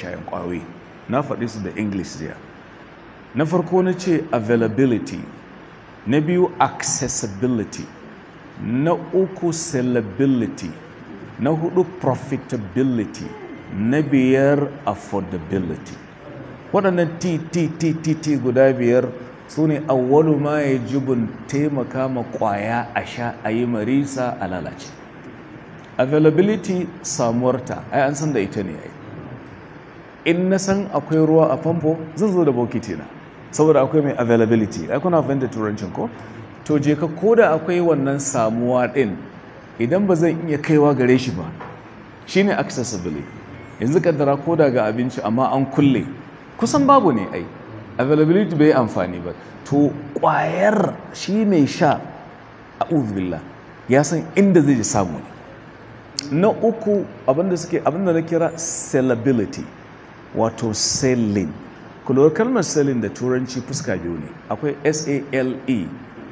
shayin kwawe na faɗi su da english ziya na farko na ce availability na biyu accessibility na uku sellability na hudu profitability na biyar affordability waɗannan tttt guda biyar su ne awwalu ma ya jibin taimaka ma kwaya a sha a yi marisa a lalace availability samuwarta ai an san da ita ne ai in na san akwai ruwa a famfo zan zo da bokiti na saboda akwai mai availability ai kuna fahimta turancin ko to je ka koda akwai wannan samuwa din idan ba zan iya kaiwa gare shi ba shine accessibility yanzu kaddara koda ga abinci amma an kulle kusan babu ne ai availability bai amfani ba to kwayar shi ne sha a billah ya san inda zai ji samu na uku abinda suke abinda na kira sellability wato selling kulawar kalmar selling da turanci fuska biyu ne akwai s-a-l-e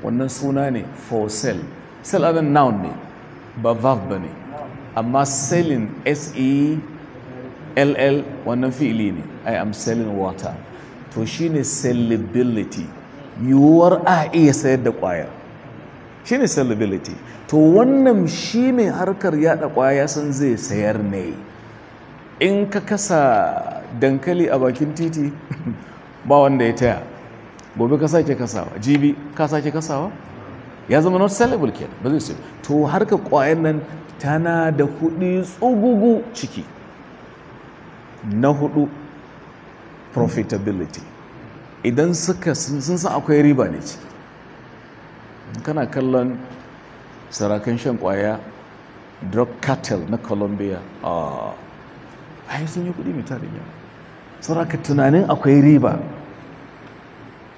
wannan suna ne for sale sale abin noun ne ba verb ba ne amma selling s-e-l-l wannan fi'ili ne i am selling water to shi ne sellability yiwuwar a iya sayar da kwayar ne sellability to wannan shi ne harkar yada kwaya san zai sayar ne in ka kasa dankali a bakin titi ba wanda ya taya gobe ka sake kasawa jibi ka sake kasawa ya zama not sellable ke ba zai sayi to harka kwayan nan tana da kuɗi tsugugu ciki na hudu profitability idan suka sun san akwai riba ne ciki kana kallon sarakan shan kwaya drug cartel na colombia a ah, sun yi kuɗi mai tarin yawa tsaraka tunanin akwai riba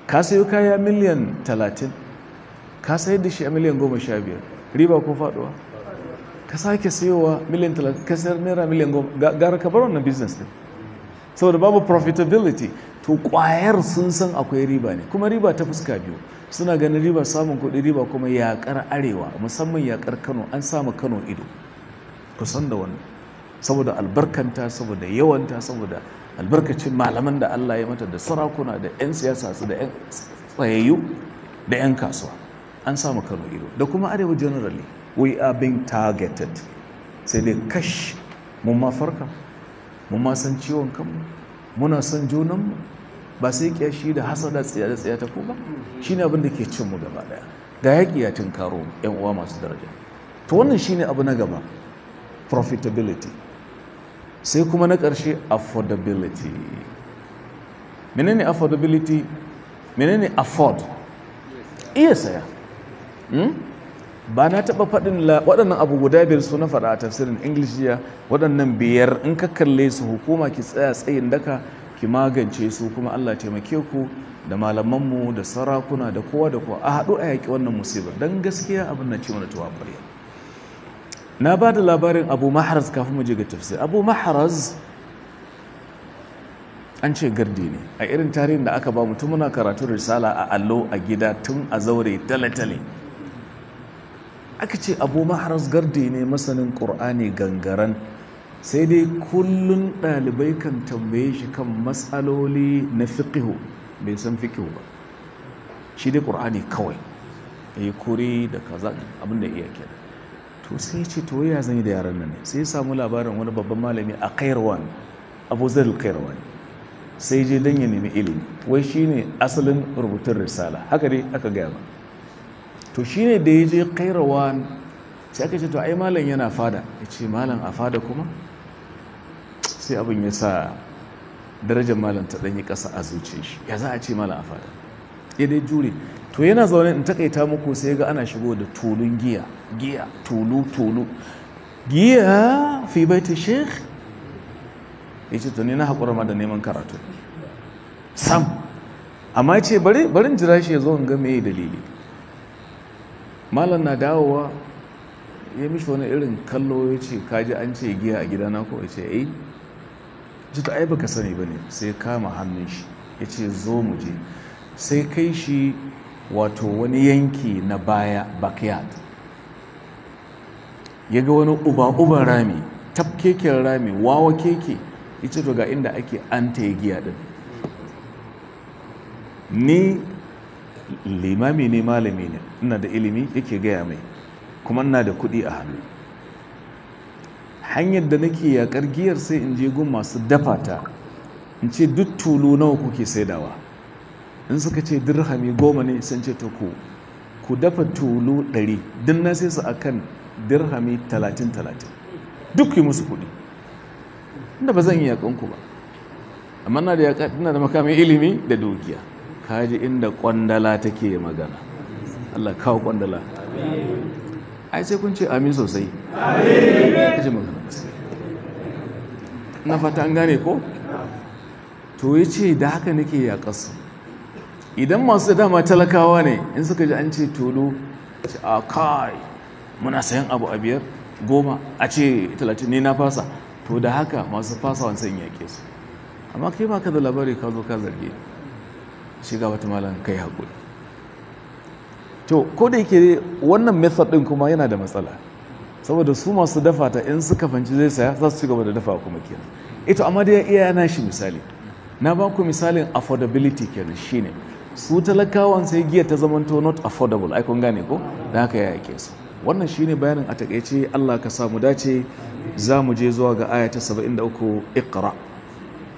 ka sayo kaya miliyan 30 ka sayar da shi a miliyan 15 riba ko faduwa ka sake sayowa miliyan 30 ka sayar naira miliyan 10 gara ka bar wannan business din saboda babu profitability to kwayar sun san akwai riba ne kuma riba ta fuska biyu suna ganin riba samun kuɗi riba kuma yaƙar arewa musamman yaƙar kano an samu kano ido kusan da wannan saboda albarkanta saboda yawanta saboda albarkacin malaman da Allah ya mata da sarakuna da 'yan siyasa su da 'yan tsayayyu da 'yan kasuwa an samu kano ido da kuma arewa generally we are being targeted sai dai kash mun ma farka mun ma san ciwon kanmu muna son junanmu ba sai kyashi da hasada tsaya da tsaya ta ko ba shine abin da ke cin mu gaba daya ga yaƙi ya tinkaro 'yan uwa masu daraja to wannan shi ne abu na gaba profitability sai kuma na ƙarshe affordability menene affordability menene afford iya saya hmm? ba na taɓa faɗin waɗannan abu guda biyar su na faɗa a tafsirin english waɗannan biyar in ka kalle su hukuma ki tsaya tsayin daka ki magance su kuma allah taimake ku da malamanmu da sarakuna da kowa da kowa a haɗu a yaƙi wannan musibar don gaskiya abin na ce mana tuwa ƙwarya na ba da labarin abu maharaz kafin mu je ga tafsir abu maharaz an ce gardi ne a irin tarihin da aka ba mutum muna karatu risala a allo a gida tun a zaure tale-tale aka ce abu maharaz gardi ne masanin ƙur'ani gangaren sai dai kullum ɗalibai kan tambaye shi kan matsaloli na fiƙihu bai san fiƙihu ba shi dai ƙur'ani kawai ya yi kuri da kaza abinda iya kenan to sai ce to ya zan yi da yaran nan sai ya samu labarin wani babban malami a kairwan abu zaril kairwan sai je don ya nemi ilimi wai shi ne asalin rubutun risala haka dai aka gaya ba to ne da ya je kairwan sai aka ce to ai malam yana fada ya ce malam a fada kuma sai abin ya sa darajar malam ta ɗanyi ƙasa a zuce shi ya za a ce malam a fada ya dai jure to yana zaune in takaita muku sai ga ana shigo da tulun giya giya tulu tulu giya fi ta sheikh yace ce tuni na haƙura ma da neman karatu sam amma yace barin jira shi yazo in ga mai dalili malam na dawowa ya mishi wani irin kallo ya ce kaji an ce giya a gidana ko ya ce eh. ai ji ta ai baka sani ba ne sai kama hannun shi ya ce zo muje sai kai shi wato wani yanki na baya backyard ya ga wani uba-uban rami tafkeken rami wawa keke ita ga inda ake an ta yi giya din ni limami ne malami ne ina da ilimi yake gaya mai kuma ina da kuɗi a hannu hanyar da nake yakar giyar sai in je gun masu dafa ta in ce duk tulu nawa kuke saidawa in suka ce dirhami goma ne sun ce ku ku dafa tulu ɗari din na sai su a kan dirhami talatin talatin duk yi musu kuɗi inda ba zan yi yaƙanku ba amma na da yaƙa ina da makamin ilimi da dukiya kaji inda ƙwandala take magana Allah kawo ƙwandala ai sai kun ce amin sosai kaji magana na fata an gane ko to ya ce da haka nake yaƙasu idan masu dama talakawa ne in suka ji an ce tolo a ah, kai muna sayan abu a biyar goma a ce talatin ne na fasa to da haka masu fasa wancan yaƙe su amma kai ba ka da labari ka zo ka zarge shiga wata malam kai haƙuri to ko da yake wannan method ɗin kuma yana da matsala saboda su masu dafa ta in suka fanci zai saya za su ci gaba da dafa kuma kenan ito amma da ya iya yana shi misali na ba ku misalin affordability kenan shine su talakawan sai giya ta zamanto not affordable ai gane ko da haka ya yake su wannan shine bayanin a takaice Allah ka samu dace za mu je zuwa ga aya ta 73 iqra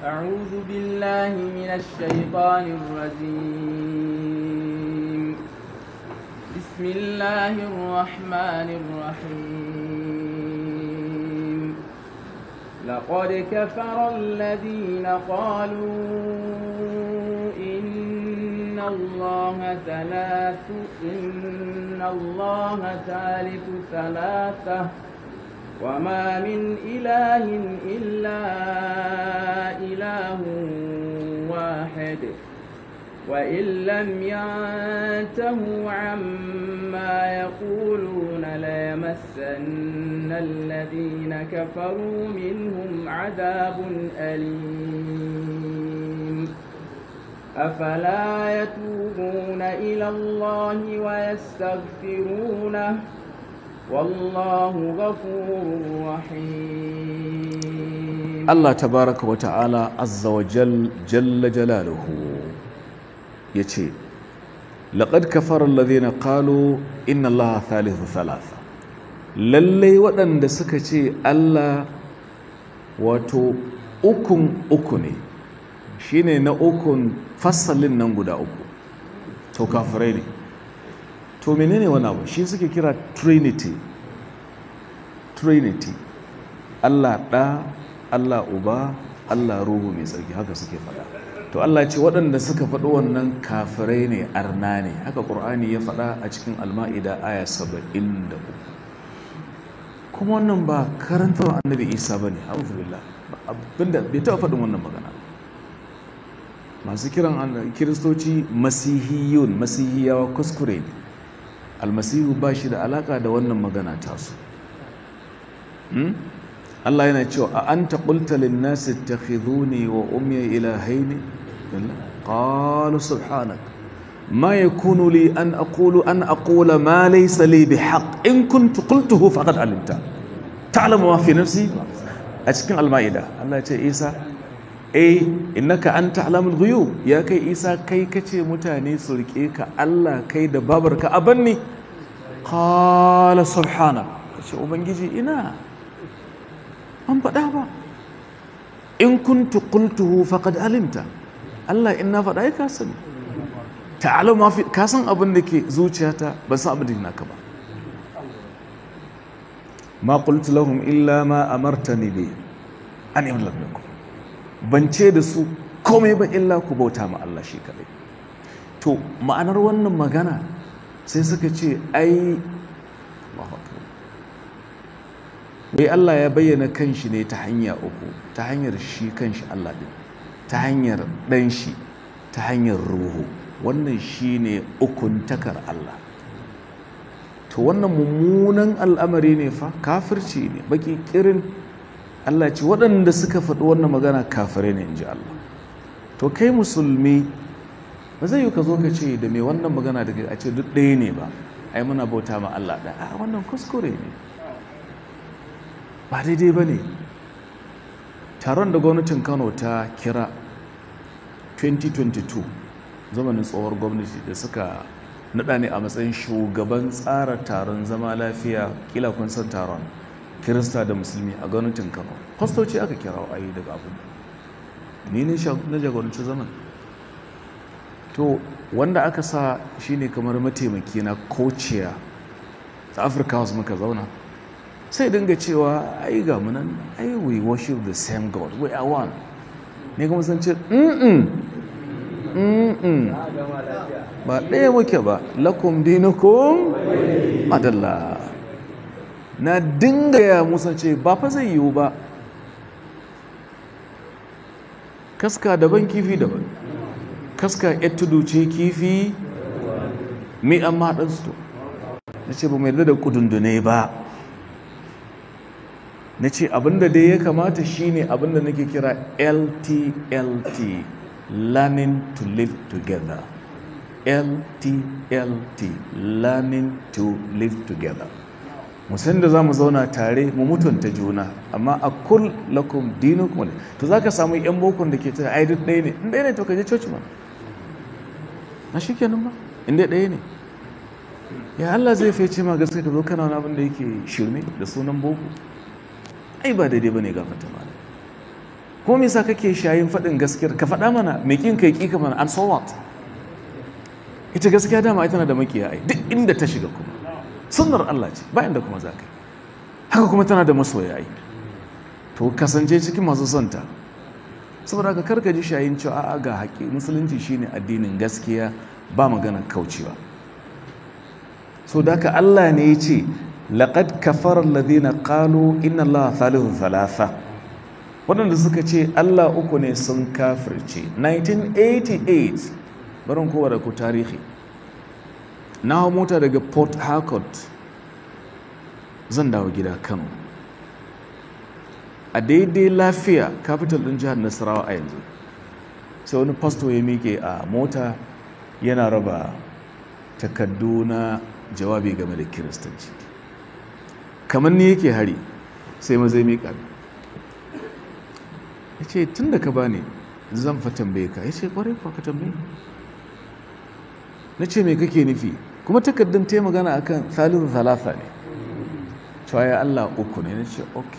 أعوذ biLlahi من بسم الله الرحمن الرحيم لقد كفر الذين قالوا الله ثلاث إن الله ثالث ثلاثة وما من إله إلا إله واحد وإن لم ينتهوا عما يقولون ليمسن الذين كفروا منهم عذاب أليم أفلا يتوبون إلى الله ويستغفرونه والله غفور رحيم الله تبارك وتعالى عز وجل جل جلاله يتشي لقد كفر الذين قالوا إن الله ثالث ثلاثة lallai waɗanda suka ce Allah wato ukun uku ne shine na ukun fasalin nan guda uku to kafirai ne to menene wani abu shi suke kira trinity trinity allah ɗa allah uba allah ruhu mai tsarki haka suke faɗa to allah ce waɗanda suka faɗi wannan kafirai ne arna ne haka ƙur'ani ya faɗa a cikin alma'ida aya saba'in da uku kuma wannan ba wa annabi isa ba ne abinda bai taɓa faɗin wannan magana masu kiran kiristoci masihiyun masihiyawa kuskure ne almasihu ba shi da alaka da wannan magana tasu hmm? Allah yana cewa a an taƙulta linnasi ta ne wa umya ilahaini ƙalu subhanak ma ya kunu li an aqulu an aqula ma laysa li bihaq in kuntu qultuhu faqad alimta ta'lamu ma fi nafsi a cikin alma'ida Allah ya ce Isa eh innaka anta alamul ghuyu ya kai isa kai kace mutane su rike ka Allah kai da babarka abanni qala subhana ce ubangiji ina an faɗa ba in kuntu qultuhu faqad alimta Allah in na faɗa ka sani ta'alu ma fi ka san abin da ke zuciyata ban san abin da naka ba ma qultu lahum illa ma amartani bi an yamlakum bance da su komai ba illa ku bauta ma Allah shi kaɗai to ma'anar wannan magana sai suka ce ai wai Allah ya bayyana kanshi ne ta hanya uku ta hanyar shi kanshi Allah ɗin ta hanyar ɗan shi ta hanyar ruhu wannan shi ne ukuntakar Allah to wannan mummunan al'amari ne fa kafirci ne baki kirin Allah ce waɗanda suka faɗi wannan magana kafare ne in ji Allah to kai musulmi ba zai yi ka zo ka ce da mai wannan magana daga a ce duk ɗaya ne ba ai muna bauta ma Allah da a wannan kuskure ne ba daidai ba ne taron da gwamnatin kano ta kira 2022 zamanin tsohuwar gwamnati da suka naɗa ne a matsayin shugaban tsara taron zama lafiya kila kun san taron kirista da musulmi a gwamnatin kano fastoci aka kira a daga abu. ni ne na jagoranci zaman to wanda aka sa shine kamar mataimaki na kociya ta afirka wasu muka zauna sai dinga cewa ai ga munan ai we worship the same god we are one ne kuma san ce mm mm ba ɗaya muke ba lakum dinukum madalla na dinga ya musa ce ba fa zai yiwu ba kaska daban kifi daban kaska ya tudu ce kifi mai amma ɗansu na ce ba mai da kudundune ba na ce abinda dai ya kamata shi ne abinda nake kira ltlt learning to live together ltlt learning to live together musan da za mu zauna tare mu mutunta juna amma a kul lakum dinukum to za ka samu yan bokon da ke ta ai duk ɗaya ne in ɗaya ne to ka je coci ma na shi kenan ba in dai ɗaya ne ya Allah zai fice ma gaske ka zo kana wani abin da yake shirme da sunan boko ai ba daidai bane ga fata mana ko me yasa kake shayin faɗin gaskiyar ka faɗa mana me kin kai kika mana an so what ita gaskiya dama ita na da makiya ai duk inda ta shiga kuma sunnar Allah ce bayan da kuma za ka haka kuma tana da masoya yi to kasance cikin masu santa saboda ka karka ji shayin cewa a ga haƙi musulunci shine addinin gaskiya ba magana kaucewa so da ka Allah ne ya ce laqad kafara alladhina qalu inna Allah thalithun thalatha waɗanda suka ce Allah uku ne sun kafirce 1988 barin kowa da ku tarihi na hau mota daga port harcourt zan dawo gida kano a daidai lafiya capital din jihar nasarawa a yanzu sai wani pasto ya mike a mota yana raba takardu na jawabi game da kiristanci kamar ni yake hari sai maza ya mika ya ce tun da ka bani zan fa tambaye ka ya ce kwarai kwa ka tambaye na ce mai kake nufi kuma takardun ta yi magana akan salisu zalafa ne cewa ya allah uku ne na ce ok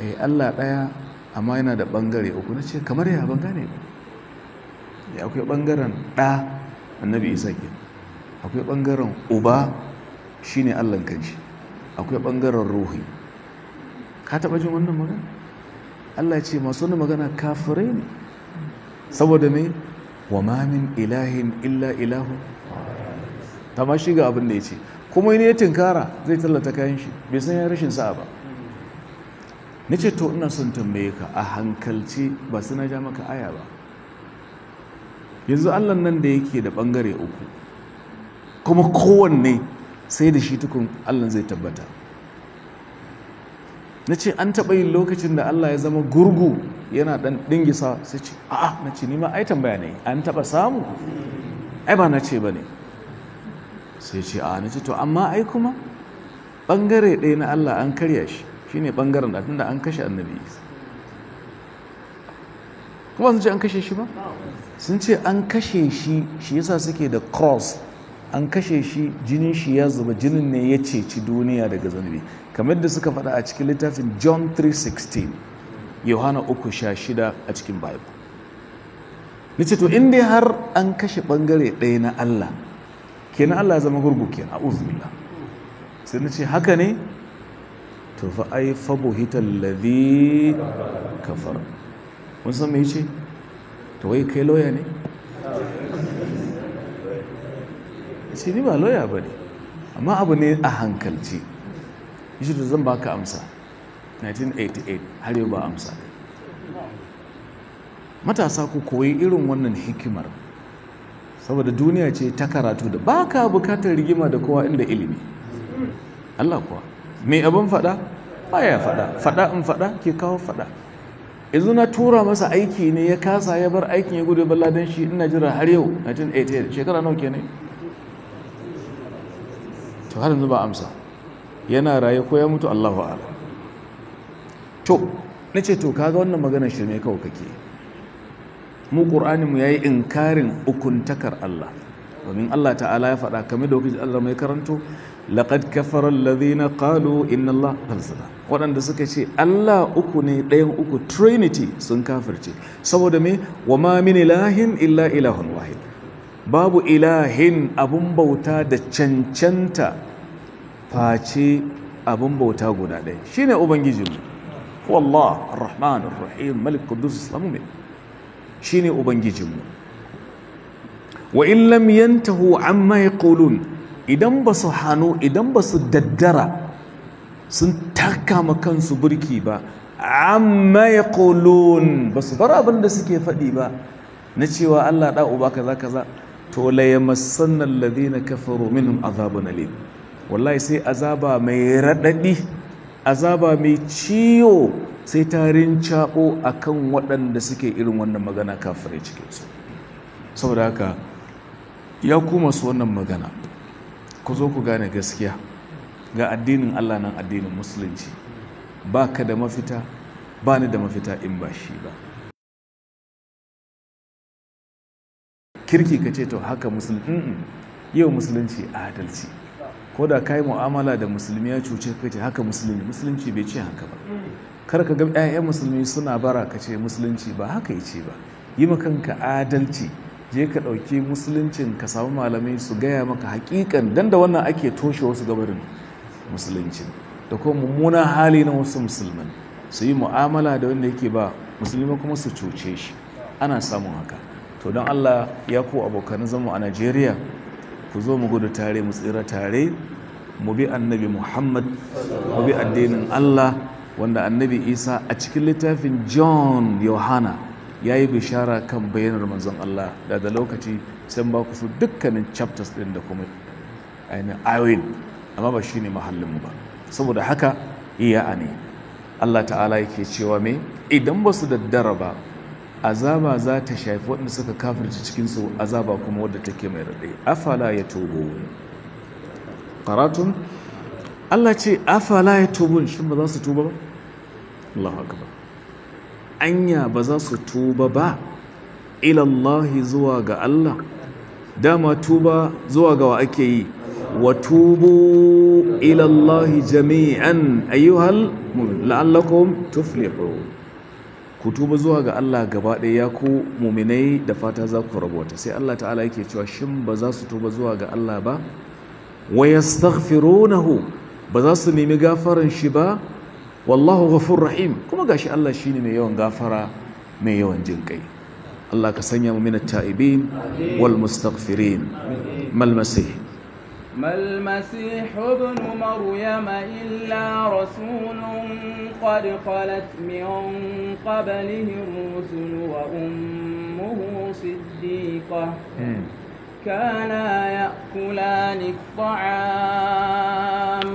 eh allah ɗaya amma yana da ɓangare uku na ce kamar ya bangare ya eh, akwai ɓangaren ɗa annabi isa ke akwai ɓangaren uba shine allan kanshi akwai ɓangaren ruhi ka taɓa jin wannan magana allah ce masu wani magana kafirai ne saboda ne wa mamin ilahin illa ilahu amma shi ga abin da ya ce kuma ne ya tinkara zai tallata kayan shi bai san ya rashin sa'a ba na ce to ina son tambaye ka a hankalci ba su na ja maka aya ba yanzu allah nan da yake da bangare uku kuma kowanne sai da shi tukun allah zai tabbata na ce an taɓa yin lokacin da allah ya zama gurgu yana ɗan ɗingisa sai ce a'a na ce nima ai tambaya ne an taɓa samu ai ba na ce ba ne sai ce a ce to amma ai kuma bangare ɗaya na Allah an karya shi shine bangaren da tunda an kashe annabi kuma sun ce an kashe shi ba sun ce an kashe shi shi yasa suke da cross an kashe shi jinin shi ya zuba jinin ne ya ceci duniya daga zanubi kamar da suka faɗa a cikin littafin John 3:16 Yohana 3:16 a cikin Bible nace to in dai har an kashe bangare ɗaya na Allah kenan Allah ya zama gurgu kenan a'udhu billah sai ce haka ne to fa ai fabuhita alladhi kafar mun san me yace to wai kai loya ne shi ni ba loya bane amma abu ne a hankalci yace to zan baka amsa 1988 har yau ba amsa matasa ku koyi irin wannan hikimar saboda duniya ce ta karatu da ba ka bukatar rigima da kowa inda ilimi Allah kuwa mai abin fada ya fada fada in fada ke kawo fada yanzu na tura masa aiki ne ya kasa ya bar aikin ya gudu balla don shi ina jira har yau 1988 shekara nauke ne? to har yanzu ba amsa yana raye ko ya mutu Allahu ala. to na ce to kaga wannan magana shirme kawai kake mu mu ya yi inkarin ukuntakar Allah domin Allah ta'ala ya faɗa kamar da wakil Allah mai karanto laƙad kafarar na ƙalu inna Allah falsada waɗanda suka ce Allah uku ne ɗayan uku trinity sun kafirce saboda me wa ma min ilahin illa ilahun wahid babu ilahin abun bauta da cancanta face abun bauta guda ɗaya shine ubangijinmu wallah rahman rahim malik Kudus islamu mai shine ubangijinmu wa in lam yantahu amma yaqulun idan ba su hannu idan ba su daddara sun taka ma kansu burki ba amma yaqulun ba su bar abin da suke faɗi ba na cewa Allah ɗa uba kaza kaza to la yamassanna alladhina kafaru min azabun alim wallahi sai azaba mai raɗaɗi, azaba mai ciwo sai tarin caɓo a kan waɗanda suke irin wannan magana kafirai su saboda haka ya kuma su wannan magana ku zo ku gane gaskiya ga addinin allah nan addinin musulunci ba ka da mafita ba ni da mafita in ba shi ba kirki ka ce to haka musulunci yau musulunci adalci ko da ka yi mu'amala da musulmi ya cuce ka ce haka musulunci musulunci bai ce haka ba kar ka ga 'ya'yan musulmi suna bara ka ce musulunci ba haka ya ce ba yi ma kanka adalci je ka ɗauki musuluncin ka samu malamai su gaya maka hakikan dan da wannan ake toshe wasu gabarin musulunci da kuma mummunan hali na wasu musulman su yi mu'amala da wanda yake ba musulmi kuma su cuce shi ana samun haka to don allah ya ku abokan zama a najeriya ku zo mu gudu tare mu tsira tare mu bi annabi muhammad mu bi addinin allah wanda annabi isa a cikin littafin john yohana ya yi bishara kan bayanar manzon allah da da lokaci sun ba ku su dukkanin chapters ɗin da kuma ainihin ayoyin amma ba shi ne mahallinmu ba saboda haka iya ne allah ta'ala yake cewa me idan ba su daddara ba azaba za ta shafi waɗanda suka kafirci cikinsu azaba kuma wadda take mai raɗe afala ya tobo karatun allah ce afala ya tobo shi ba za su tuba ba Allahu akbar anya ba za su tuba ba ilallahi zuwa ga Allah dama tuba zuwa ga wa ake yi wa tubu ilallahi jami'an ayyuhal la'allakum tuflihu ku tuba zuwa ga Allah gaba ɗaya ya ku muminai da fata za ku rabota sai Allah ta'ala yake cewa shin ba za su tuba zuwa ga Allah ba wa yastaghfirunahu ba za su nemi gafaran shi ba wallahu ghafur rahim kuma gashi Allah shine mai yawan gafara mai yawan jin kai Allah ka sanya mu minat ta'ibin wal mustaghfirin mal masih ما المسيح ابن illa rasulun رسول قد خلت من قبله الرسل وأمه صديقة كانا يأكلان الطعام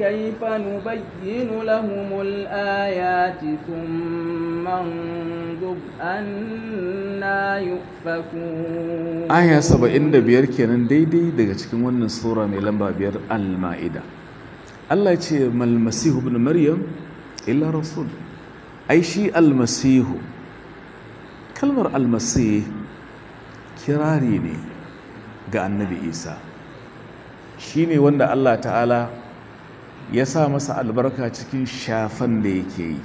كيف نبين لهم الآيات ثم انظر أنا يؤفكون آية سبعين بيار كينان ديدي دي cikin wannan sura mai lamba biyar al Allah ce mal masih maryam illa rasul ai shi al kalmar al-masih ne ga annabi Isa shine wanda Allah ta'ala ya sa masa albarka cikin shafan da yake yi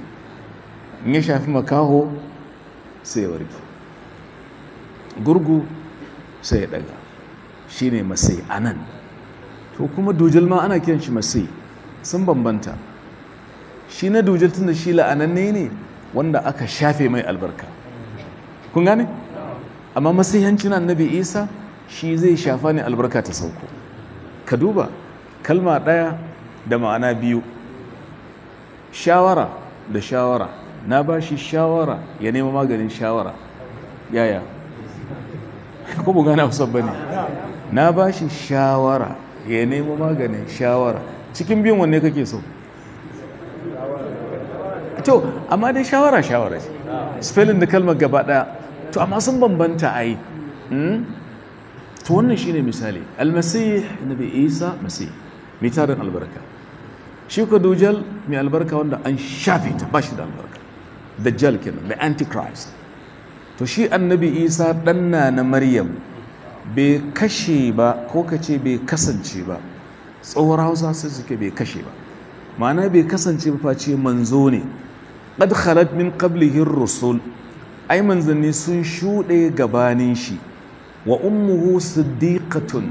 in ya shafi makaho sai ya warke gurgu sai ya daga shi ne masai anan to kuma dujil ma ana kiran shi masai sun bambanta shi na dujil tun da shi la'ananne ne wanda aka shafe mai albarka kun gane amma masihancin annabi isa shi zai shafa ne albarka ta sauko ka duba kalma ɗaya da ma'ana biyu shawara da shawara na ba shi shawara ya nema maganin shawara yaya ko bu gane hausa ba ne na ba shi shawara ya nema maganin shawara cikin biyun wanne kake so to amma dai shawara shawara ce spelling da kalmar gaba daya to amma sun bambanta a yi hmm? to wannan shine misali almasih nabi isa masih mitarin tarin albarka shi ko dujal mai albarka wanda an shafe ta ba shi da albarka da jal kenan da antichrist to shi annabi isa ɗanna na maryam bai kashe ba ko ka ce bai kasance ba tsohuwar hausa sai suke bai kashe ba ma'ana bai kasance ba face manzo ne ƙad khalat min qablihi rusul ai manzanni sun shuɗe gabanin shi wa ummuhu siddiqatun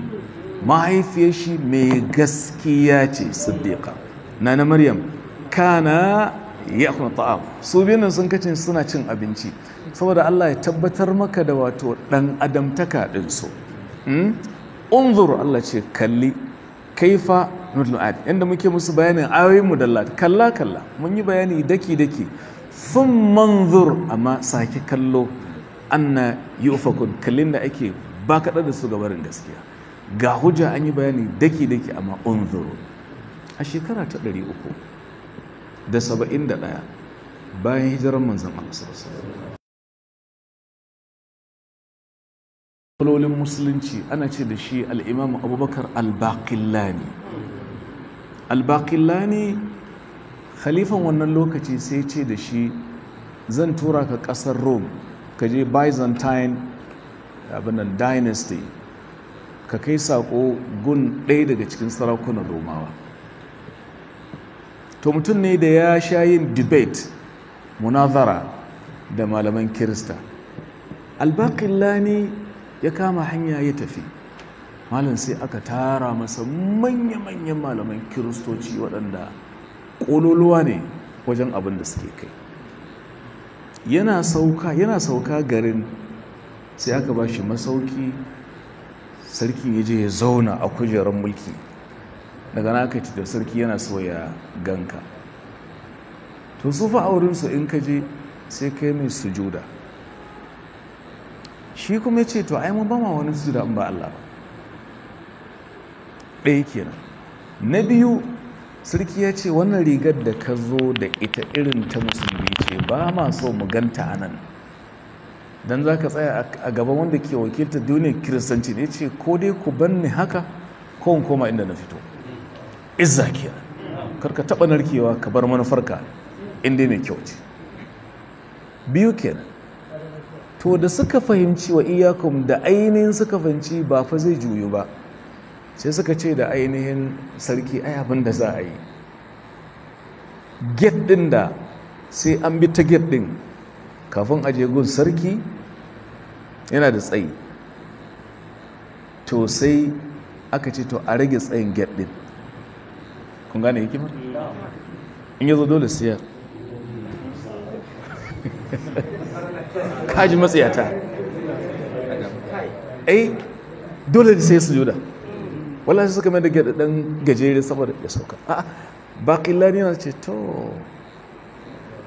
mahaifiyar shi mai gaskiya ce siddiqa na na maryam kana ya kuna ta'am su biyun sun kace suna cin abinci saboda Allah ya tabbatar maka da wato dan adamtaka din su hmm? unzur Allah ce kalli kaifa nudlu ad inda muke musu bayanin ayoyin mudallat kalla kalla mun yi bayani daki daki sun manzur amma sake kallo anna yufakun kallin da ake ba kaɗa da su gabarin gaskiya ga hujja an yi bayani daki daki amma unzuru a shekara ta ɗari uku da da ɗaya, bayan hijirar manzan Allah kalolin musulunci ana ce da shi al'imamu abubakar al-baƙillani al-baƙillani khalifan wannan lokaci sai ce da shi zan tura ka ƙasar rome ka je byzantine abinan dynasty ka kai saƙo gun ɗaya daga cikin sarakunan romawa to mutum ne da ya sha yin debate munazara da malaman kirista Lani ya kama hanya ya tafi malam sai aka tara masa manya-manyan malaman kiristoci waɗanda ƙololuwa ne wajen abin da suke kai yana sauka garin sai aka ba shi masauki Sarki ya je ya zauna a kujerar mulki daga na aka da sarki yana so ya ganka to su fa aurinsu in ka je sai kai mai sujuda shi kuma ya ce to ai mun bama wani sujuda in ba Allah ba ɗaya kenan na biyu sarki ya ce wannan rigar da ka zo da ita irin ta musulmi ce ba ma so mu ganta a nan don za ka tsaya a gaban wanda ke wakilta duniyar kiristanci ne ce ko dai ku banni haka ko in koma inda na fito izza kar karka taba narkewa ka bar manufarka inda mai kyau ce biyu kenan to da suka fahimci wa iyakun da ainihin suka fahimci ba fa zai juyu ba sai suka ce da ainihin sarki ai da za a yi get din da sai an bi ta get din kafin aje gun sarki yana da tsayi to sai aka ce to a rage tsayin get din kun gane hikimar in zo dole siyar kaji matsayata ai eh, dole da sai sujuda wallahi suka mai da dan gajere saboda ya sauka a'a baqillani na ce to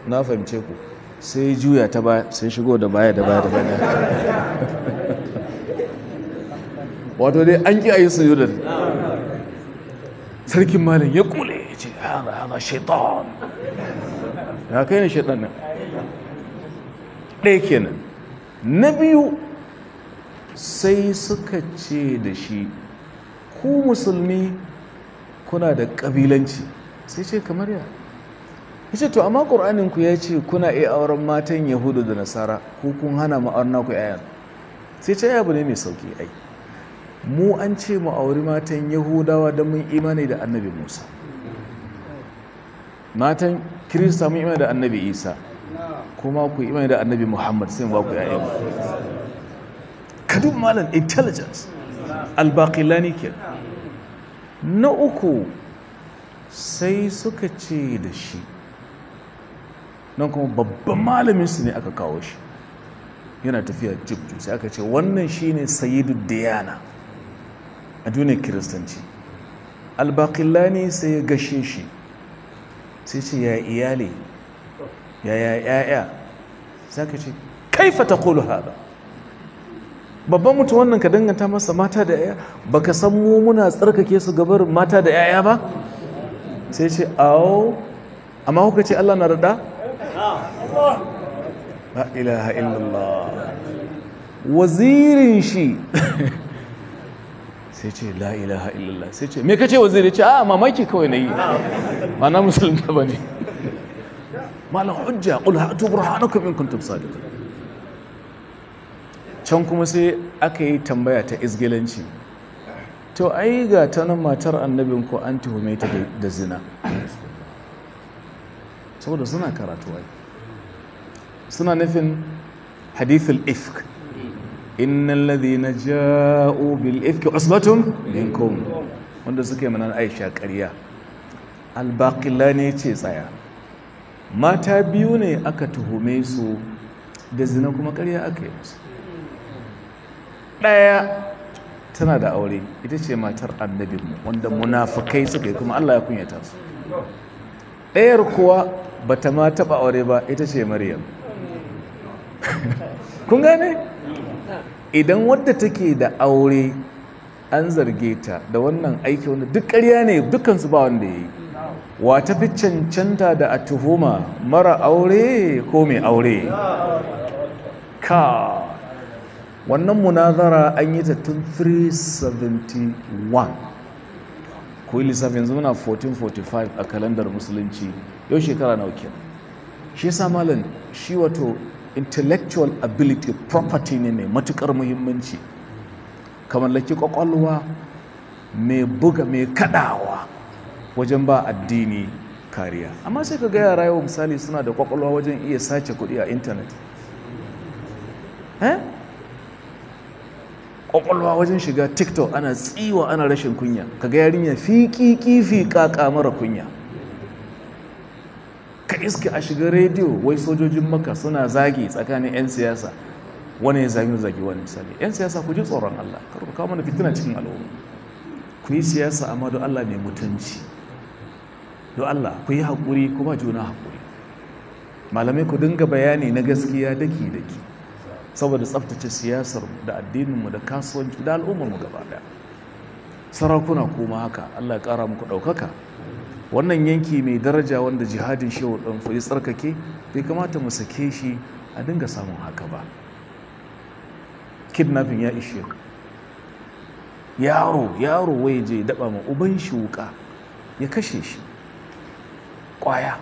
na fahimce ku sai juya ta baya sai shigo da baya da baya da baya wato dai an ki ayi da sarkin malin ya kule ya ce hana hana shaitan ya kai ne shaitan nan ɗaya kenan na biyu sai suka ce da shi ku musulmi kuna da ƙabilanci sai ce kamar ya ya ce to amma ƙur'aninku ya ce kuna iya auren matan yahudu da nasara ko kun hana ma'arna ku 'ya'yan sai ce ya abu ne mai sauki ai mu an ce mu auri matan yahudawa don mun imani da annabi musa matan kirista mun imani da annabi isa kuma ku imani da annabi muhammad sai ba ku ba. kadun malam intelligence albaqilani ke na uku sai suka ce da shi nan kuma babban su ne aka kawo shi yana tafiya jibju sai aka ce wannan shine sayyidu diyana a duniyar kiristanci albaƙillani sai ya gashe shi sai ce ya iyali ya ya ya'ya za ka ce kaifa ta kolo haɗa babban mutu wannan ka danganta masa mata da ya'ya ba ka san mu muna tsarkake su gabar mata da ya'ya ba sai ce awo amma kuka ce allah na rada? la ilaha illallah wazirin shi sai ce la ilaha illallah sai ce me kace wanzu ne ce a ah, mamaki kawai na nayi ba na musulunta bane malam hujja qul hatu hana in kuntum sadu can kuma sai aka yi tambaya ta izgilanci to ai ga ta nan matar annabin ko an tuhume ta da zina saboda suna karatuwa suna nufin hadithul ifk innal ladhina ja'u bil ifki usbatun minkum wanda suke mana Aisha ƙarya al ne ce tsaya mata biyu ne aka tuhume su da zina kuma ƙarya aka yi musu ɗaya tana da aure ita ce matar annabinmu wanda munafukai suka yi kuma Allah ya kunyata su ɗayar kuwa bata ma taɓa aure ba ita ce maryam kun gane idan wadda take da aure an zarge ta da wannan aiki wanda duk ƙarya ne dukansu ba wanda ya yi wa ta fi cancanta da a tuhuma mara aure ko mai aure ka wannan munazara an yi ta tun 371 ko yi yanzu zuna 1445 a kalandar musulunci yau shekara wakil shi samalin shi wato intellectual ability property ne mai matukar muhimmanci kamar laki kwakwalwa mai buga mai kadawa wajen ba addini kariya amma sai ka ga yara yau misali suna da kwakwalwa wajen iya sace kuɗi a intanet kwakwalwa eh? wajen shiga tiktok ana tsiwa ana rashin kunya ka ga yarinya fi kiki fi kaka mara kunya ka iske a shiga rediyo wai sojojin maka suna zagi tsakanin 'yan siyasa wani ya zagi zagi wani misali 'yan siyasa ku ji tsoron allah kar kawo mana fitina cikin al'umma ku yi siyasa amma don allah mai mutunci don allah ku yi haƙuri kuma juna haƙuri malamai ku dinga bayani na gaskiya daki daki saboda tsaftace siyasar da addininmu da kasuwanci da al'ummarmu gaba daya sarakuna kuma haka allah ya kara muku ɗaukaka wannan yanki mai daraja wanda jihadin shehu ɗan ya tsarkake bai kamata mu sake shi a dinga samun haka ba kidnapping ya ishe yaro yaro wai je daba ma uban shi wuka ya kashe shi kwaya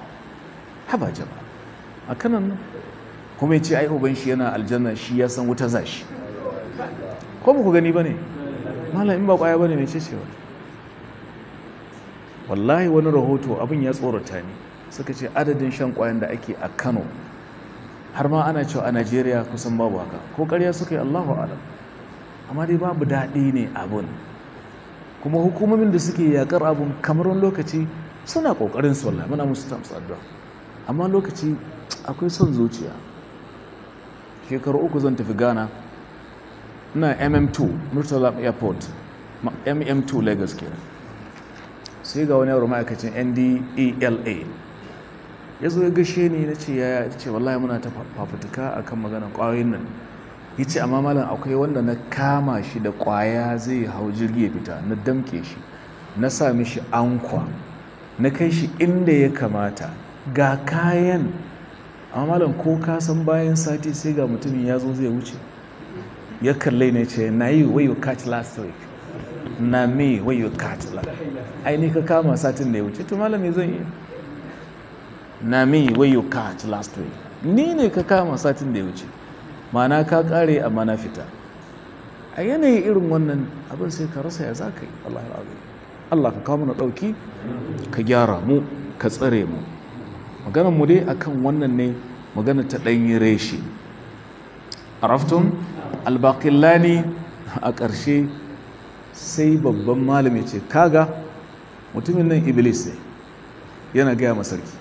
haba jama a kanan nan kuma ya ce ai uban shi yana aljanna shi ya san wuta zashi ko ba ku gani ba ne malam in ba kwaya ba ne mai cecewa wallahi wani rahoto abin ya tsorata ne suka ce adadin shan kwayan da ake a kano har ma ana cewa a najeriya kusan babu haka ko karya suka yi allahu alam amma dai babu daɗi ne abin kuma hukumomin da suke yakar abin kamar wani lokaci suna ƙoƙarin su wallahi muna musu tamsu addu'a amma lokaci akwai son zuciya shekaru uku zan tafi ghana na mm2 murtala airport mm2 lagos kenan sai ga wani yaro ma'aikacin ndela ya zo ya gashe ni na ce ya ce wallahi muna ta fafutuka a kan maganar ƙwayoyin nan ya ce amma malam akwai wanda na kama shi da kwaya zai hau jirgi ya fita na damke shi na sa mishi ankwa na kai shi inda ya kamata ga kayan amma malam ko ka san bayan sati sai ga mutumin ya zo zai wuce ya kalle ne ce na yi wayo catch last week na me wayo catch aini ka kama satin da ya wuce to malami zan yi na me wai you catch last week ni ne ka kama satin da ya wuce mana ka kare amma na fita a yanayi irin wannan abin sai ka rasa ya za ka yi Allah Allah ka kama na ɗauki ka gyara mu ka tsare mu maganar mu dai akan wannan ne magana ta ɗanyi reshi araftun albaƙillani a ƙarshe sai babban malami ce kaga mutumin nan iblis ne yana gaya masarki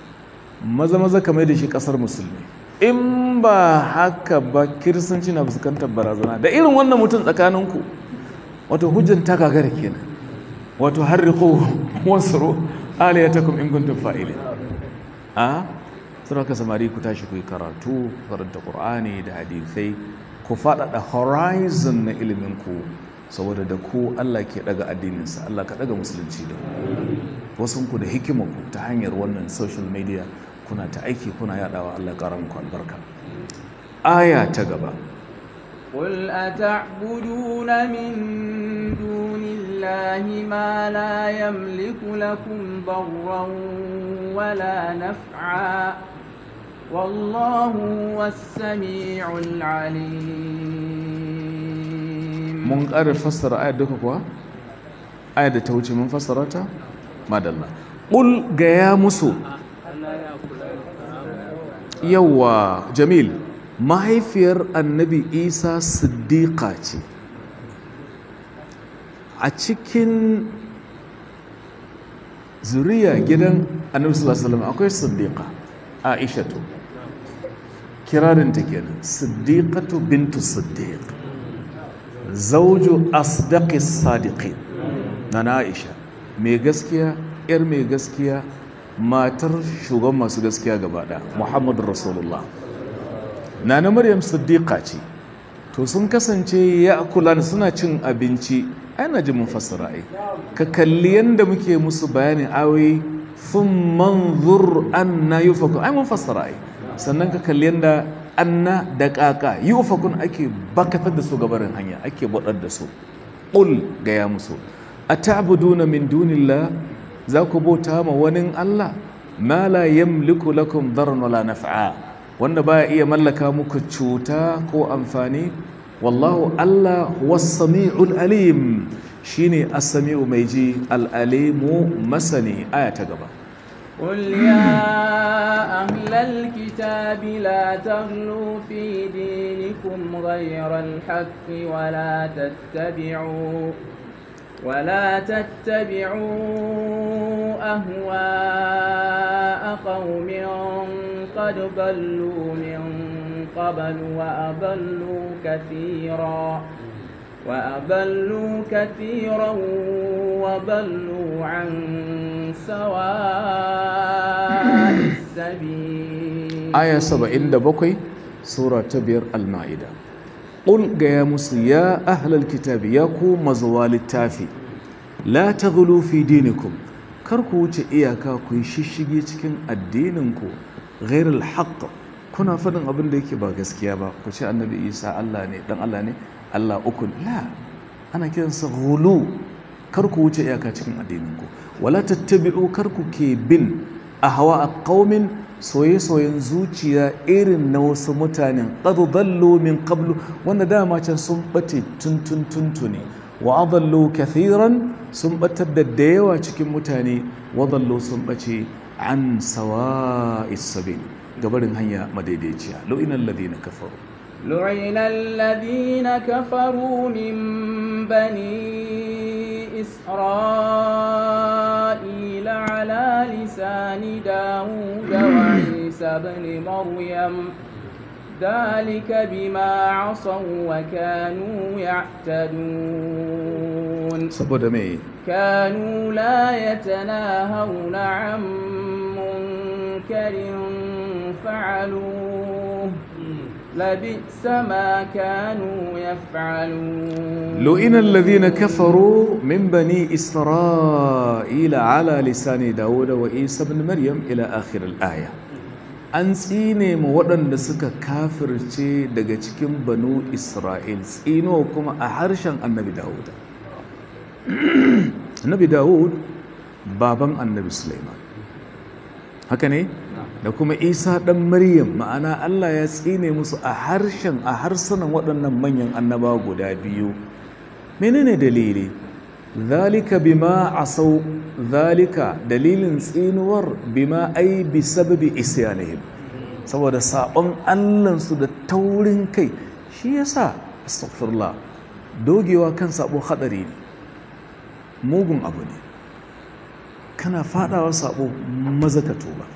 maza maza kamar da shi kasar musulmi in ba haka ba kiristanci na fuskantar barazana da irin wannan mutum tsakaninku wato hujjan ta gagara kenan wato harriqu wasru ta in kuntum fa'ilin a sarauka samari ku tashi ku yi karatu karanta ƙur'ani, da hadisai ku faɗaɗa horizon na iliminku saboda da ku Allah ke daga addininsa Allah ka daga musulunci da ku wasu ku da ku ta hanyar wannan social media kuna ta aiki kuna yadawa Allah karan ku albarka aya ta gaba قل أتعبدون من دون الله ما لا يملك لكم ضرا ولا نفعا والله هو السميع العليم mun ƙara fassara ayar duka kuwa ayar da ta wuce mun fassara ta madalla ƙul gaya musu yawa jamil mahaifiyar annabi isa siddiƙa ce a cikin zuriya gidan annabi sallallahu alaihi akwai siddiqa to kirarin ta kenan siddiqatu bintu siddiq zaujo asdaqis sadiqi na na'isha mai gaskiya yar mai gaskiya matar shugaban masu gaskiya gabaɗa muhammadu rasulullah Nana maryam siddiqa ce to sun kasance ya kula suna cin abinci ana ji mun fassara ai ka kalli yanda muke musu bayanin awai sun manzur an na yi ai mun fassara ai sannan ka kalli yadda anna da kaka ufakun ake bakatar da su gabarin hanya ake baɗar da su ƙul gaya musu a ta'buduna min dunillah za ku bauta ma wani Allah ma la yamliku lakum darran wala naf'a wanda baya iya mallaka muku cuta ko amfani wallahu Allah was samiul alim shine as-sami'u mai ji al-alimu masani aya ta gaba قل يا أهل الكتاب لا تغلوا في دينكم غير الحق ولا تتبعوا ولا تتبعوا أهواء قوم قد ضلوا من قبل وأضلوا كثيرا وأبلوا كثيرا وبلوا عن سواء السبيل آية سبع عند بكي سورة تبير المائدة قل يا يا أهل الكتاب يكو مزوال التافي لا تغلوا في دينكم karku wuce iyaka ku yi shishige cikin addininku ghairul haqq kuna faɗin abin da yake ba gaskiya ba ku ci annabi isa allah dan allah ne Allah uku la ana kiransa hulu kar ku wuce iyaka cikin addinin ku wala tattabi'u kar ku ke bin a ahwa qaumin soye-soyen zuciya irin na wasu mutanen qad dallu min qablu wanda dama can sun bate tun tuni. wa adallu kathiran sun batar da da yawa cikin mutane wa dallu sun bace an sawa'is sabil gabarin hanya madaidaiciya lau'inan ladina kafaru لعن الذين كفروا من بني إسرائيل على لسان داود وعيسى بن مريم ذلك بما عصوا وكانوا يعتدون كانوا لا يتناهون عن منكر فعلوه لبئس ما كانوا يفعلون لئن الذين كفروا من بني إسرائيل على لسان داود وإيسى بن مريم إلى آخر الآية an tsine ma waɗanda suka kafirce daga cikin banu isra'il tsino kuma a harshen annabi dawud annabi dawud baban annabi suleiman haka ne da kuma isa ɗan maryam ma'ana allah ya tsine musu a harshen a harsunan waɗannan manyan annaba guda biyu menene dalili zalika bima asau zalika dalilin tsinuwar bima ai bi sababi isyanihim saboda sabon allansu da taurin kai shi yasa astaghfirullah dogewa kan sabo hadari ne mugun abu ne kana fadawa sabo maza ba.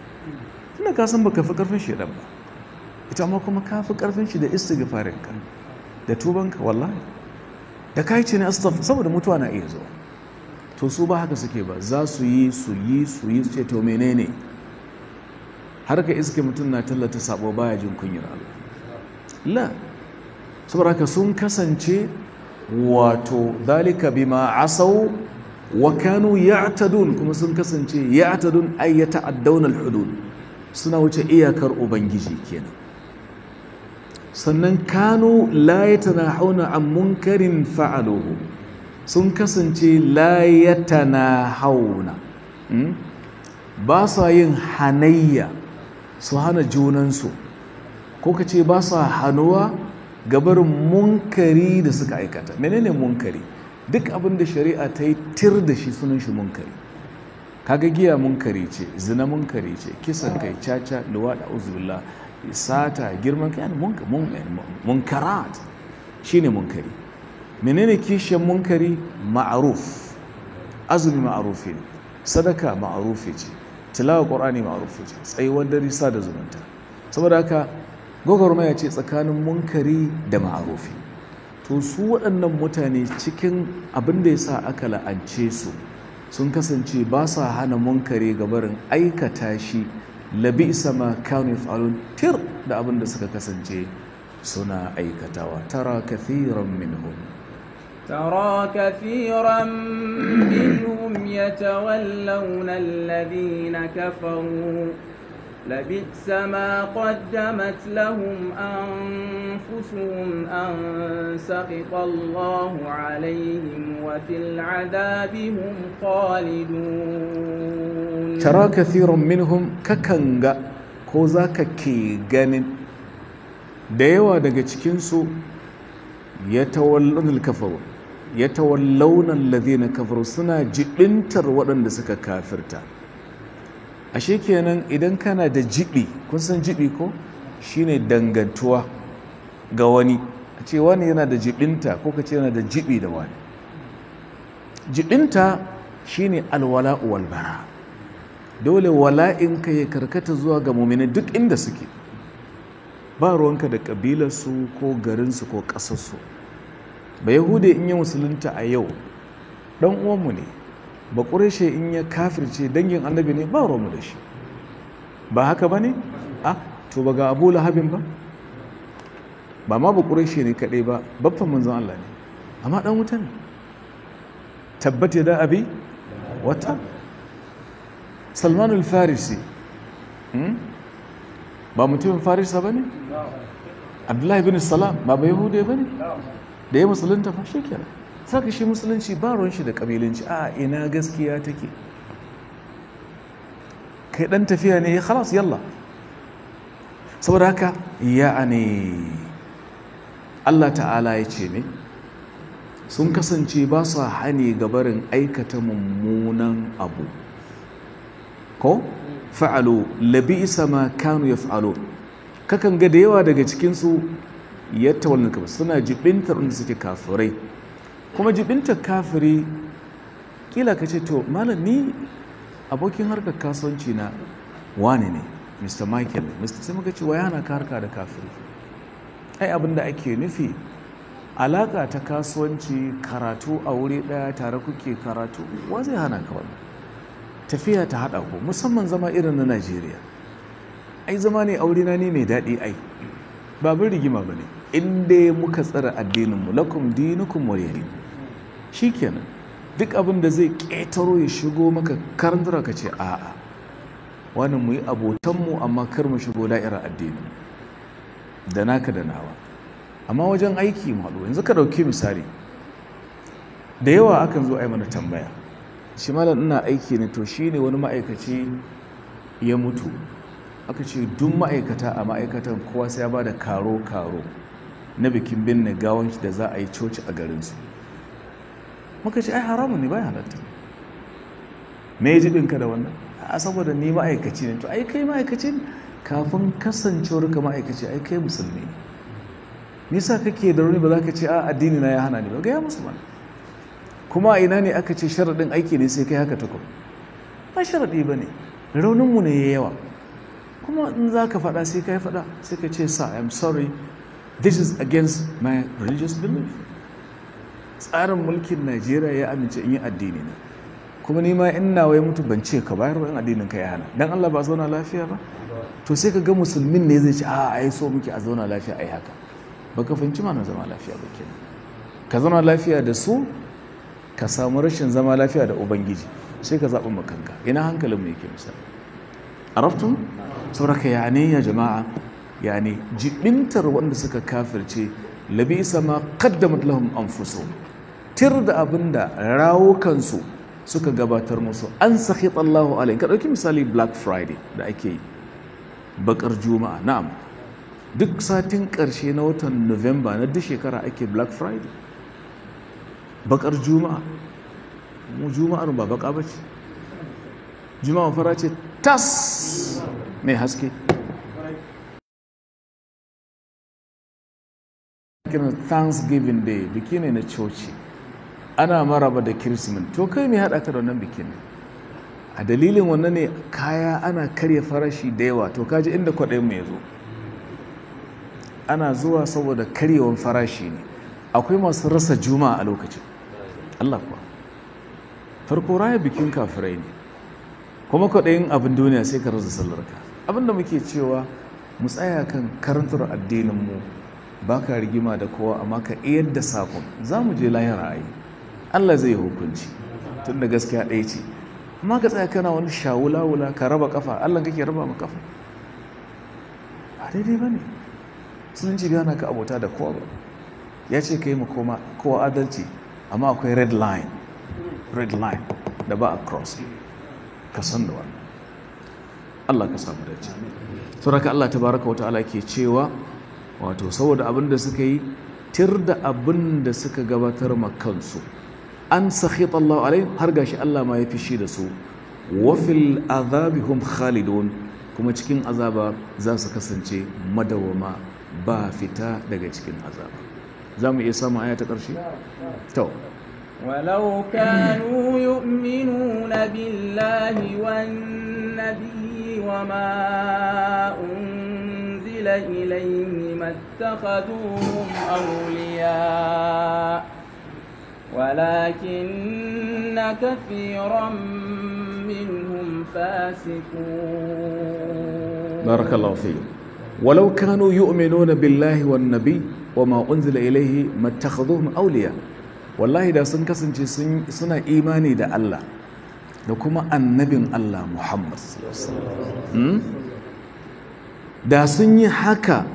da ka san baka fi karfin shi ba ita ma kuma ka fi karfin shi da ka da tubanka wallahi da kai ce ne astaghfir saboda mutuwa na iya zuwa to su ba haka suke ba za su yi su yi su yi su ce to menene har ka iske mutum na tallata sabo baya jin kunyar Allah la saboda ka sun kasance wato dalika bima asau wa kanu ya'tadun kuma sun kasance ya'tadun ay yata'addawna al-hudud suna wuce iyakar ubangiji kenan sannan kanu la hauna a munkarin fa'aluhu sun kasance la hauna. Hmm? ba sa yin hanayya su hana junansu ko ka ce ba sa hannuwa gabar munkari da suka aikata menene munkari duk abin da shari'a ta yi tir da shi sunan shi munkari kaga giya munkari ce zina munkari ce kisan kai caca luwada uzbillah sata girman kai munkarat ne munkari menene kishin munkari ma'aruf azumi ma'arufi ne sadaka ma'arufi ce tilawa ƙorani ma'arufi ce tsayuwar dare sada zumunta saboda haka gwagwarmaya ce tsakanin munkari da ma'arufi to su waɗannan mutane cikin abin da ya sa aka la'ance su sun kasance ba sa hana munkare ga aikata shi labi sama kanu yaf'alun tir da abin da suka kasance suna aikatawa tara kathiran minhum ترى كثيرا منهم يتولون الذين كفروا لبئس ما قدمت لهم أنفسهم أن سقط الله عليهم وفي العذاب هم خالدون ترى كثير منهم ككنغا كوزاكا كيغان ديوا دقا تشكنسو يتولون الكفر يتولون الذين كفروا سنا جئنتر ولن سكا كافرتا ashe kenan idan kana da jibi kun san jibi ko shine dangantuwa ga wani a ce wani yana da jibinta ko ka ce yana da jibi da wani jibinta shine alwala wal bara dole wala'inka ya karkata zuwa ga mumini duk inda suke ba ruwanka da kabilarsu ko garinsu ko ƙasarsu ba yahudai in yi musulunta a yau ɗan uwanmu ne ba ƙureshe in ya kafirce dangin annabi ne ba romu da shi ba haka ba ne? a ah, to ba ga abu lahabin ba ba ma ba ƙureshe ne kaɗai ba babban manzan Allah ne amma ɗan wuta ne tabbata da abi wata salmanul farisi hmm? ba mutumin farisa ba ne? abdullahi bin salam ba ba yahude ba ne? da ya musulunta fashe kenan saka shi musulunci ba shi da kabilanci a ina gaskiya take kai dan tafiya ne ya khalas yalla saboda haka ya ya'ani Allah ta'ala ya ce ne sun kasance ba su hani gabarin aikata mummunan abu ko fa'alu labisa ma kanu yaf'alu kakan ga da yawa daga cikin su kafa suna jibintar wanda suke kafurai. kuma jibinta kafiri kila ka ce to malam ni abokin harkar kasuwanci na wani ne mr michael ne mr sai muka ce wa yana ka harka da kafiri ai abin da ake nufi alaka ta kasuwanci karatu a wuri daya tare kuke karatu wa zai hana ka wannan tafiya ta haɗa ku musamman zama irin na najeriya ai zama ne aure na ne mai daɗi ai babin rigima ba ne in dai muka tsara addininmu lakum dinukum waliyadin shikenan duk abin da zai ƙetaro ya shigo maka karantar ka ce a'a wani mu yi abotanmu amma kar mu shigo da'irar addini da naka da nawa amma wajen aiki mu yanzu ka ɗauki misali da yawa akan zo a yi mana tambaya shi malam ina aiki ne to shi ne wani ma'aikaci ya mutu aka ce duk ma'aikata a ma'aikatan kowa sai ya ba da karo-karo na bikin binne gawanci da za a yi coci a garinsu muka ce ai haramun ne bayan halatta me ya ji da wannan a saboda ni ma'aikaci ne to ai kai ma'aikaci? kafin kasancewar ka ma'aikaci ai kai musulmi ne nisa kake da rauni ba za ka ce a addini na ya hana ni ba ga ya musulman kuma a ina ne aka ce sharaɗin aiki ne sai kai haka tukun ba sharaɗi ba ne rauninmu ne ya yawa kuma in za ka faɗa sai ka yi faɗa sai ka ce sa am sorry this is against my religious belief tsarin mulkin najeriya ya amince in yi addini ne kuma nima ma in nawa ya mutu ban ce ka bayar in addinin ka ya hana Don Allah ba zauna lafiya ba to sai ka ga musulmin ne zai ce a yi so muke a zauna lafiya yi haka ka fahimci ma na zama lafiya ba ke ka zauna lafiya da su ka samu rashin zama lafiya da ubangiji sai ka zaɓi makanka ina hankalin mai ke misali araftun sauraka ya ne ya jama'a ya ne jiɓintar wanda suka kafirce labi isa ma kaddamat lahum anfusuhum tir da abin da rawukansu suka gabatar musu an sake Allahu alaihi ka ɗauki misali black friday da ake yi bakar juma'a na'am duk satin ƙarshe na watan november na duk shekara ake black friday bakar juma'a mu juma'ar ba baka ba ce juma'a fara ce tas mai haske thanksgiving day biki ne na coci ana maraba da kirsimin to kai mai haɗa ka da wannan bikin a dalilin wannan ne kaya ana karya farashi da yawa to kaji inda kwaɗayin mai zo ana zuwa saboda karyewan farashi ne akwai masu rasa juma'a a lokacin allah kuwa farko raya bikin kafirai ne kuma kwaɗayin abin duniya sai ka rasa sallarka abinda muke cewa mu tsaya kan karantar addininmu ba ka rigima da kowa amma ka iyar da sakon za mu je lahira ra'ayi. Allah zai hukunci tun da gaskiya ɗaya ce amma ka tsaya kana wani shawula-wula ka raba kafa Allah kake raba ma kafa a daidai ba ne Sun ci gana ka abota da kowa ba ya ce ka yi ma kowa adalci amma akwai red line red line da ba a cross ka san da wannan Allah ka samu ce sauraka Allah baraka, wata ala ke cewa wato saboda abin da suka yi tir da abin da suka gabatar ma kansu an sakhita Allah alaihim har gashi Allah ma ya fishi da su wa fil azabihum khalidun kuma cikin azaba za su kasance madawama ba fita daga cikin azaba za mu iya samun aya ta ƙarshe? to ولو كانوا يؤمنون بالله والنبي وما أنزل إليه ما اتخذوهم أولياء ولكن كثيرا منهم فاسقون بارك الله فيك ولو كانوا يؤمنون بالله والنبي وما أنزل إليه ما اتخذوهم أولياء والله da sun kasance suna imani da Allah da kuma annabin Allah Muhammad da sun yi haka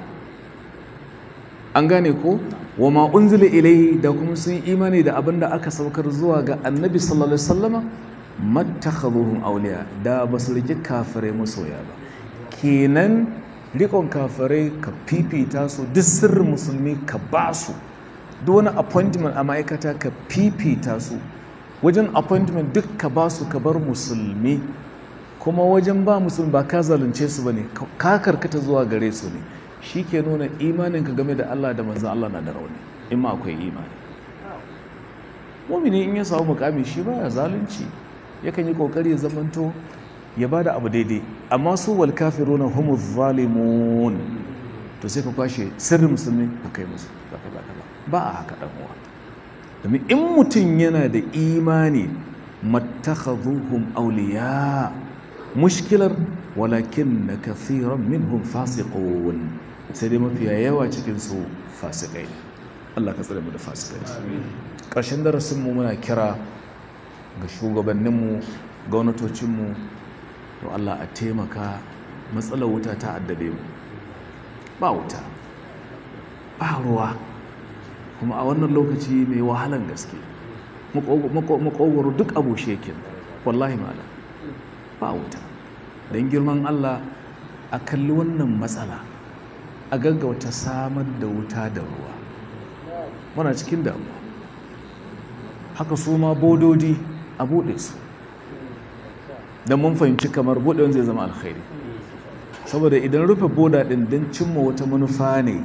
an gane ko wa ma unzila ilaihi da kuma sun imani da abin da aka saukar zuwa ga annabi sallallahu alaihi wasallama mattakhadhuhum awliya da basu riki kafirai musoya ba kenan rikon kafirai ka fifita su duk sirrin musulmi ka ba su duk wani appointment a ma'aikata ka fifita su wajen appointment duk ka ba su ka bar musulmi kuma wajen ba musulmi ba ka zalunce su bane ka karkata zuwa gare su ne shi ke nuna ka game da Allah da manzan Allah na da rauni in ma akwai imani mumini in ya samu mukami shi baya zalunci yakan yi kokari ya zamanto ya ba da abu daidai amma su wal na humus zalimun to sai ka kwashe sirrin musulmi ka kai musu ba a haka dan uwa domin in mutum yana da imani mattakhaduhum awliya mushkilar walakin kathiran minhum fasiqun sai dai mafiya yawa cikinsu fasikai Allah ka tsare mu da fasikai ƙarshen darasinmu muna kira ga shugabanninmu gwamnatocinmu to Allah a taimaka matsalar wuta ta addabe mu ba wuta ba ruwa kuma a wannan lokaci mai wahalan gaske makogoro duk abu shekin wallahi ma'ala ba wuta don girman Allah a kalli wannan matsala a gaggauta samar da wuta da ruwa muna cikin damuwa haka su ma bododi a buɗe su don mun fahimci kamar buɗewan zai zama alkhairi saboda idan rufe boda ɗin don cimma wata manufa ne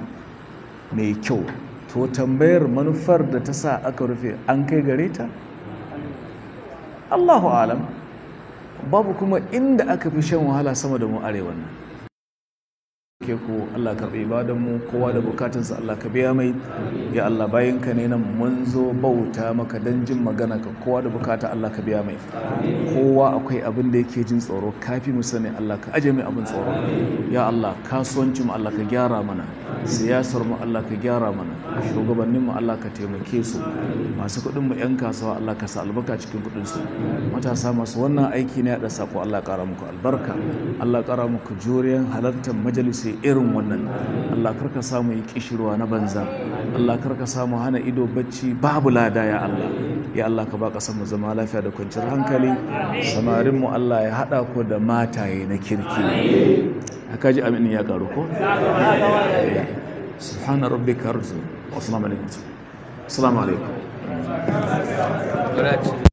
mai kyau to tambayar manufar da ta sa aka rufe an kai gare ta? allahu alam babu kuma inda aka fi shan wahala sama da mu arewa nan ke ku Allah karɓi mu kowa da bukatunsa Allah ka biya mai ya Allah ka ne nan mun zo bauta maka don jin magana ka kowa da bukata Allah ka biya mai kowa akwai abin da yake jin tsoro kafi mu sani Allah ka aje mai abin tsoro ya Allah kasuwancin Allah ka gyara mana siyasar mu Allah ka gyara mana shugabannin mu Allah ka taimake su masu kuɗin mu yan kasuwa Allah ka sa albarka cikin kuɗin su matasa masu wannan aiki ne da sako Allah ƙara muku albarka Allah ƙara muku juriyan halartar majalisi irin wannan Allah karka samu yi kishirwa na banza Allah karka samu hana ido bacci babu lada ya Allah ya Allah ka ba ƙasar mu zama lafiya da kwanciyar hankali samarin mu Allah ya haɗa ku da mataye na kirki haka ji amin ya ƙaru ko eh. سبحان ربك رب العزة والسلام عليكم السلام عليكم